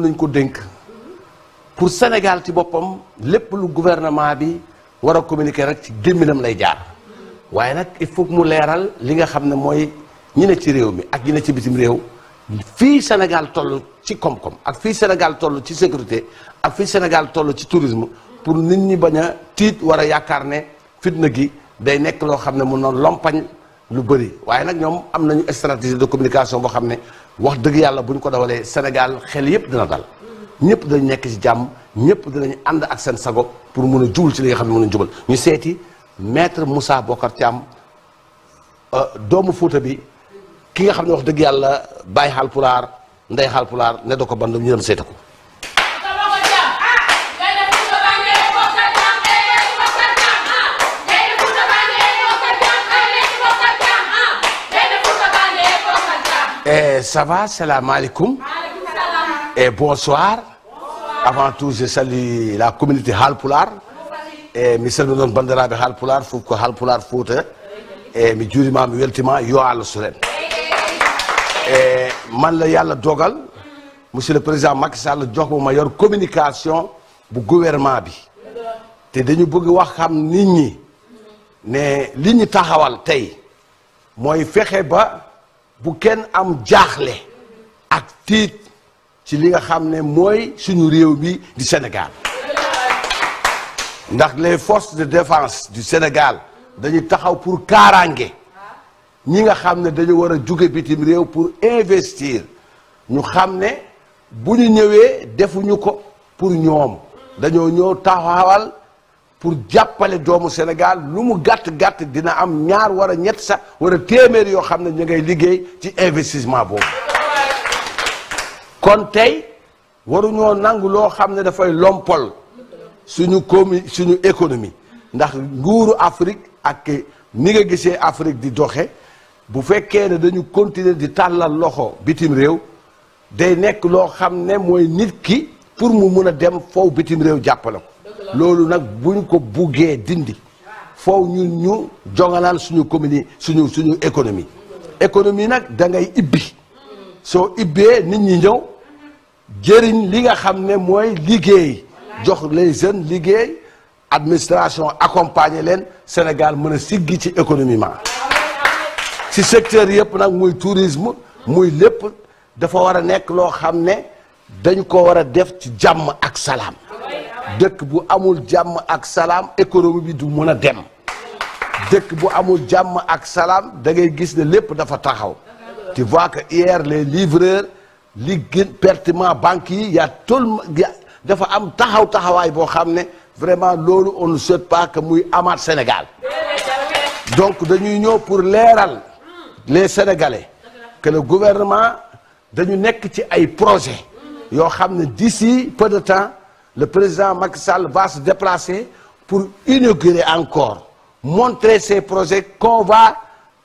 nañ ko dénk pour Sénégal ci boppam lépp lu gouvernement bi war a communiquer rek ci gémminam lay jaar waaye nag il faut mu leeral li nga xam ne mooy ñi ne ci réew mi ak ñi ci bitim réew fii Sénégal toll ci koom ak fii Sénégal toll ci sécurité ak fii Sénégal toll ci tourisme pour nit ñi bañ a tiit war yaakaar ne fitna gi day nekk loo xam ne mun na lompañ lu bëri waaye nag ñoom am nañu stratégie de communication boo xam ne wax dëgg yàlla bu ñu ko dawalee Sénégal xel yëpp dina dal ñëpp dinañ nekk ci jàmm ñëpp dinañ ànd ak seen sago pour mun a jubal ci li nga xam ne mu a jubal ñu seeti maître Moussa Bokar Thiam euh, doomu Fuuta bi ki nga xam ne wax dëgg yàlla bàyyi xaal pulaar ndey xaal pulaar ne doo ko bandum ñu dem seeti ko ça va salam aleykum et bonsoir avant tout je salue la communauté haalpulaar e mi salminoon banndiraaɓe haalpulaar fof ko haalpulaar fouta e mi juurima mi weltima yo allah suren e man la yàlla dogal monsieur le président Macky Sall jox ma ma yor communication bu gouvernement bi te dañu bëgg wax xam nit ñi ne li ñu taxawal tey mooy fexe ba bu kenn am jaaxle ak tiit ci li nga xam ne mooy suñu réew bi di Sénégal ndax les forces de défence du Sénégal dañu taxaw pour kaaraange ñi nga xam ne dañu war a jóge bitim réew pour investir ñu xam ne bu ñu ñëwee defuñu ko pour ñoom dañoo ñëw taxawal pour jàppale doomu Sénégal lu mu gàtt gàtt dina am ñaar war a ñett sax war a téeméer yoo xam ne ñu ngay liggéey ci investissement boobu kon tey waruñoo nangu loo xam ne dafay lompol suñu commu suñu économie ndax nguuru Afrique ak ni nga gisee Afrique di doxe bu fekkee ne dañu continuer di tàllal loxo bitim réew day nekk loo xam ne mooy nit ki pour mu mun a dem foofu bitim réew jàppale ko loolu nag bu buñ ko buggee dindi foofu ñun ñu jongalaal suñu commune suñu suñu économie économie nag da ngay ibbi soo ibbee nit ñi ñëw jëriñ li nga xam ne mooy liggéey jox les jeunes liggéey administration accompagner leen Sénégal mën a siggi ci économiquement ci secteur yëpp nag muy tourisme muy lépp dafa war a nekk loo xam ne dañ ko war a def ci jàmm ak salaam dëkk bu amul jàmm ak salaam économie bi du mën a dem dëkk bu amul jàmm ak salaam da ngay gis ne lépp dafa taxaw tu vois que hier les livreurs li gën pertement banques yi ya a tout dafa am taxaw taxawaay boo xam ne vraiment loolu on ne souhaite pas que muy amaat Sénégal donc dañuy ñëw pour leeral les Sénégalais que le gouvernement dañu nekk ci ay projet yoo xam ne d'ici peu de temps le président Macky Sall va se déplacer pour inaugurer encore montrer ces projets qu'on va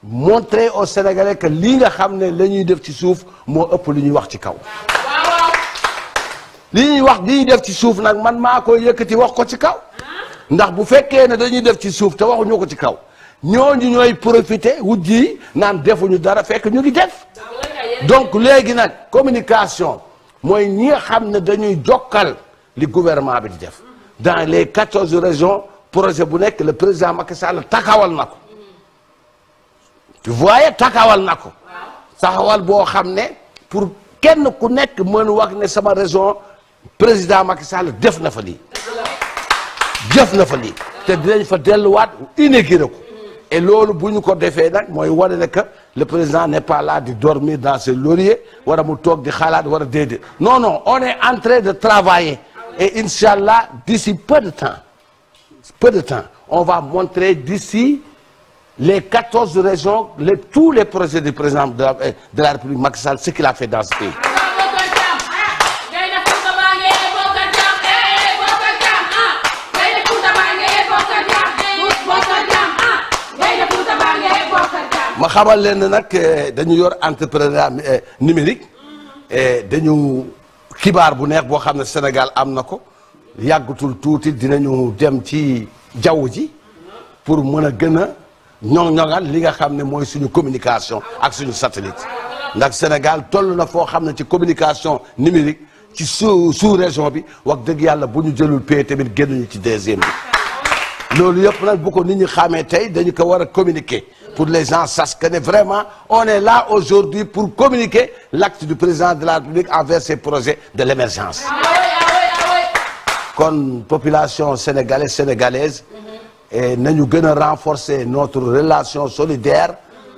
montrer aux Sénégalais que lii nga xam ne lañuy def ci suuf moo ëpp li ñuy wax ci kaw li ñuy wax li def ci suuf nag man maa koy yëkkati wax ko ci kaw ndax bu fekkee ne dañuy def ci suuf te waxuñu ko ci kaw ñooñu ñooy profité wut ji naan defuñu dara fekk ñu ngi def donc léegi nag communication mooy ñi nga xam ne dañuy jokkal li gouvernement bi di def dans les quatorze régions projet bu nekk le président Macky Sall taxawal na ko tu voyais taxawal na ko taxawal boo xam ne pour kenn ku nekk mën wax ne sama région président Macky Sall def na fa lii def na fa lii te dinañ fa delluwaat inauguré ko et loolu bu ñu ko defee nag mooy wane ne que le président n'est pas là di dormir dans ses lauriers war a mu toog di xalaat war a déedéet non non on est en de travailler Et Inch'Allah, d'ici peu de temps, on va montrer d'ici les 14 régions, les, tous les projets du président de la, euh, de la République Macky Sall, ce qu'il a fait dans ce pays. ma xamal leen nag euh, dañu yor entrepreneuriat euh, numérique dañu xibaar bu neex boo xam ne Sénégal am na ko yàggatul tuuti dinañu dem ci jaww ji pour mën a gën a ñoŋ-ñoŋal li nga xam ne mooy suñu communication ak suñu satellite ndax Sénégal toll na foo xam ne ci communication numérique ci sous sous région bi wax dëgg yàlla bu ñu jëlul pay tamit génnuñu ci deuxième bi loolu yëpp nag bu ko nit ñi xamee tey dañu ko war a communiquer pour les gens sachent que ne vraiment on est là aujourd'hui pour communiquer l'acte du président de la République envers ses projets de l'émergence ah ah ah kon population sénégalaise sénégalaise mm-hmm. nañu gën a renforcer notre relation solidaire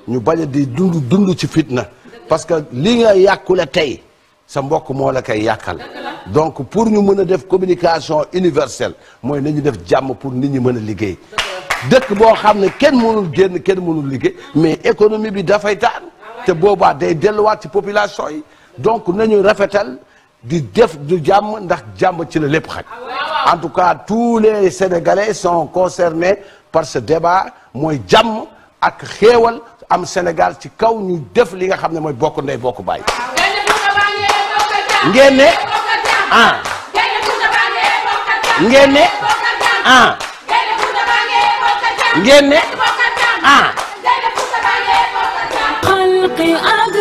ñu bañ a di dund dund ci fitna parce que li nga yàqule tey sa mbokk moo la koy yàqal donc pour ñu mën a def communication universelle mooy nañu def jàmm pour nit ñi mën a liggéey dëkk boo xam ne kenn mënul génn kenn mënul liggéey mais économie bi dafay taan te boobaa day delluwaat ci population yi donc nañu rafetal di def du jàmm ndax jàmm ci la lépp xaj en tout cas tous les sénégalais sont concernés parce que débat mooy jàmm ak xéewal am Sénégal ci kaw ñu def li nga xam ne mooy bokk ndey bokk bàyyi ngeen ne ah. ngeen ne. ah. ngeen ne. Ah.